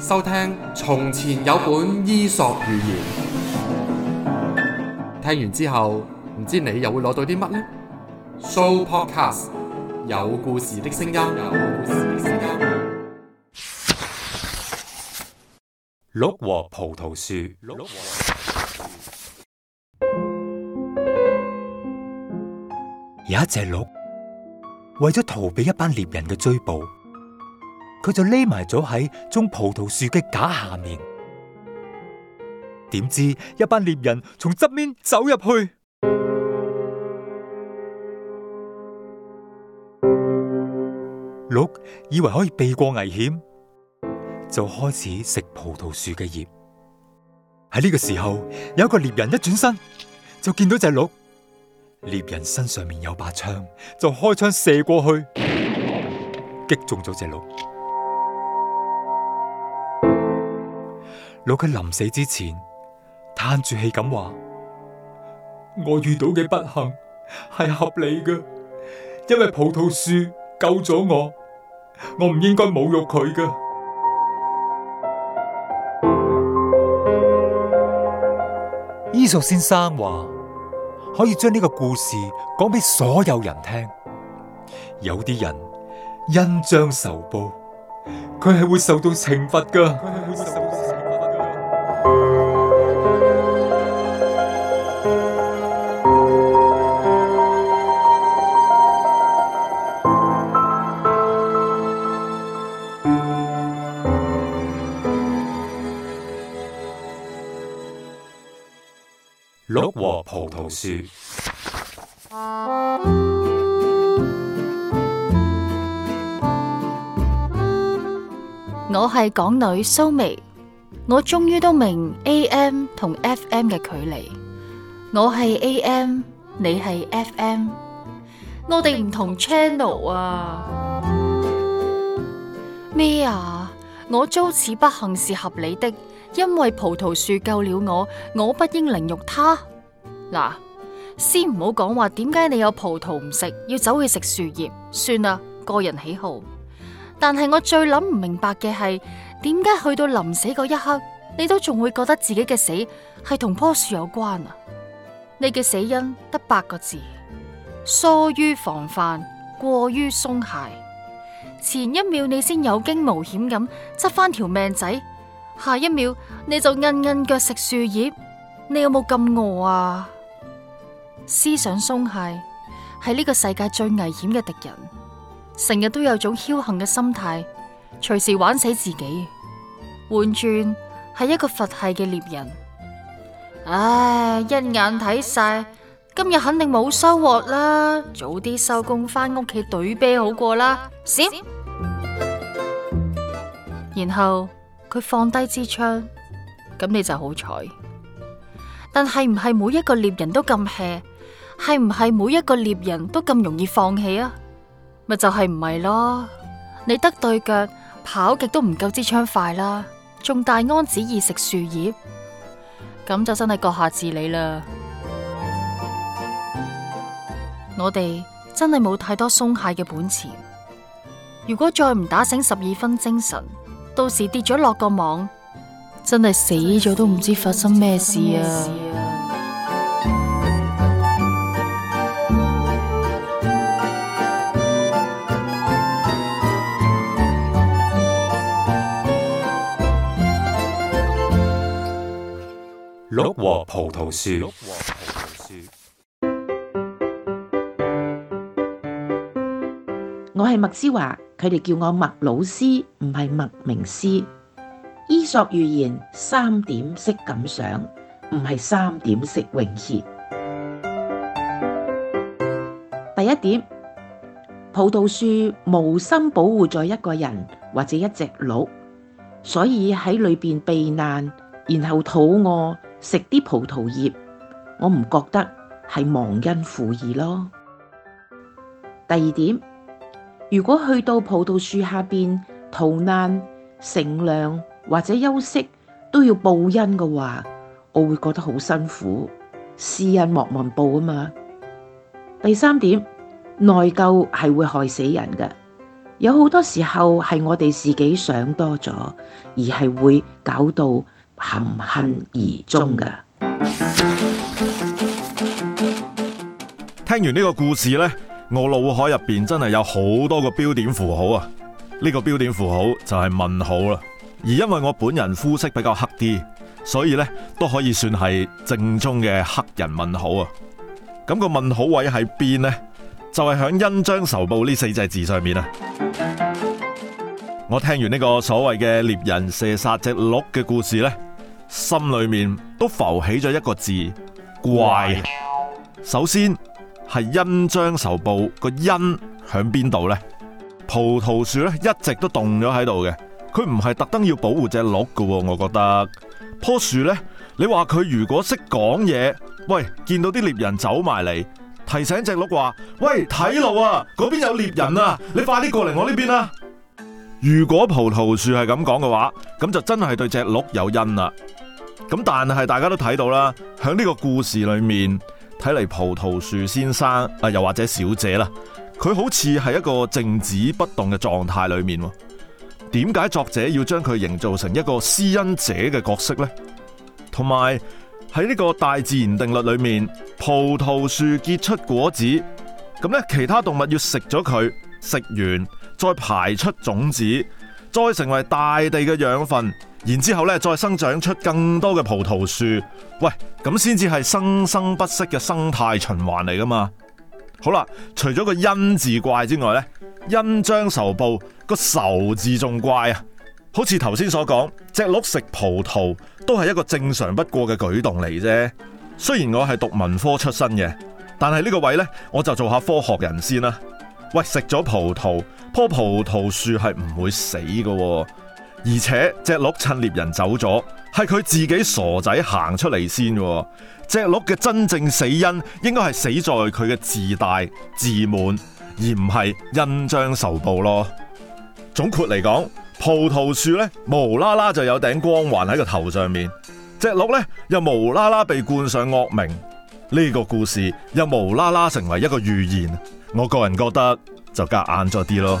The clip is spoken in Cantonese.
收聽從前有本伊索寓言，聽完之後唔知你又會攞到啲乜呢？Sooopodcast，有故事的聲音。鹿和葡萄樹。鹿和有一隻鹿，為咗逃避一班獵人嘅追捕。佢就匿埋咗喺種葡萄樹嘅架下面，點知一班獵人從側面走入去， 鹿以為可以避過危險，就開始食葡萄樹嘅葉。喺呢個時候，有一個獵人一轉身就見到隻鹿，獵人身上面有把槍，就開槍射過去，擊中咗隻鹿。老，佢臨死之前嘆住氣咁話：我遇到嘅不幸係合理嘅，因為葡萄樹救咗我，我唔應該侮辱佢噶。伊索 先生話：可以將呢個故事講俾所有人聽，有啲人恩將仇報，佢係會受到懲罰噶。 鹿和葡萄樹。我係港女蘇眉，我終於都明 AM 同 FM 嘅距離。我係 AM，你係 FM，我哋唔同 channel 啊！咩啊？我遭此不幸是合理的。因為葡萄樹救了我，我不應凌辱它。嗱，先唔好講話，點解你有葡萄唔食，要走去食樹葉？算啦，個人喜好。但係我最諗唔明白嘅係，點解去到臨死嗰一刻，你都仲會覺得自己嘅死係同棵樹有關啊？你嘅死因得八個字：疏於防範，過於鬆懈。前一秒你先有驚無險咁執翻條命仔。下一秒你就硬硬腳食樹葉，你有冇咁餓啊？思想鬆懈，係呢個世界最危險嘅敵人，成日都有種僥倖嘅心態，隨時玩死自己。換轉係一個佛系嘅獵人，唉，一眼睇晒，今日肯定冇收穫啦，早啲收工翻屋企懟啤好過啦，閃，然後。佢放低支槍，咁你就好彩。但係唔係每一個獵人都咁 hea，e 係唔係每一個獵人都咁容易放棄啊？咪就係唔係咯？你得對腳跑極都唔夠支槍快啦，仲大安旨意食樹葉，咁就真係閣下自理啦。 我哋真係冇太多鬆懈嘅本錢，如果再唔打醒十二分精神。到時跌咗落個網，真係死咗都唔知發生咩事啊！鹿和葡萄樹，我係麥之華。佢哋叫我麥老師，唔係麥明師。伊索寓言三點式感想，唔係三點式永結。第一點，葡萄樹無心保護咗一個人或者一隻鹿，所以喺裏面避難，然後肚餓食啲葡萄葉，我唔覺得係忘恩負義咯。第二點。如果去到葡萄樹下邊逃難、乘涼或者休息都要報恩嘅話，我會覺得好辛苦。施恩莫忘報啊嘛。第三點，內疚係會害死人嘅。有好多時候係我哋自己想多咗，而係會搞到含恨而終嘅。聽完呢個故事呢。我腦海入邊真係有好多個標點符號啊！呢個標點符號就係問號啦。而因為我本人膚色比較黑啲，所以呢都可以算係正宗嘅黑人問號啊。咁個問號位喺邊呢？就係、是、響恩將仇報呢四隻字上面啊。我聽完呢個所謂嘅獵人射殺隻鹿嘅故事呢，心裏面都浮起咗一個字：怪。首先。係恩將仇報，個恩喺邊度呢？葡萄樹咧一直都凍咗喺度嘅，佢唔係特登要保護隻鹿嘅。我覺得樖樹呢，你話佢如果識講嘢，喂，見到啲獵人走埋嚟，提醒隻鹿話：，喂，睇路啊，嗰邊有獵人啊，你快啲過嚟我呢邊啊！如果葡萄樹係咁講嘅話，咁就真係對隻鹿有恩啦、啊。咁但係大家都睇到啦，喺呢個故事裏面。睇嚟葡萄樹先生啊，又或者小姐啦，佢好似係一個靜止不動嘅狀態裏面。點解作者要將佢營造成一個施恩者嘅角色呢？同埋喺呢個大自然定律裏面，葡萄樹結出果子，咁咧其他動物要食咗佢，食完再排出種子，再成為大地嘅養分。然之後咧，再生長出更多嘅葡萄樹，喂，咁先至係生生不息嘅生態循環嚟噶嘛？好啦，除咗個恩字怪之外咧，恩將仇報個仇字仲怪啊！好似頭先所講，隻鹿食葡萄都係一個正常不過嘅舉動嚟啫。雖然我係讀文科出身嘅，但係呢個位咧，我就做下科學人先啦。喂，食咗葡萄，棵葡萄樹係唔會死噶喎。而且隻鹿趁獵人走咗，係佢自己傻仔行出嚟先。隻鹿嘅真正死因，應該係死在佢嘅自大、自滿，而唔係恩將仇報咯。總括嚟講，葡萄樹咧無啦啦就有頂光環喺個頭上面，隻鹿咧又無啦啦被冠上惡名。呢個故事又無啦啦成為一個寓言。我個人覺得就夾硬咗啲咯。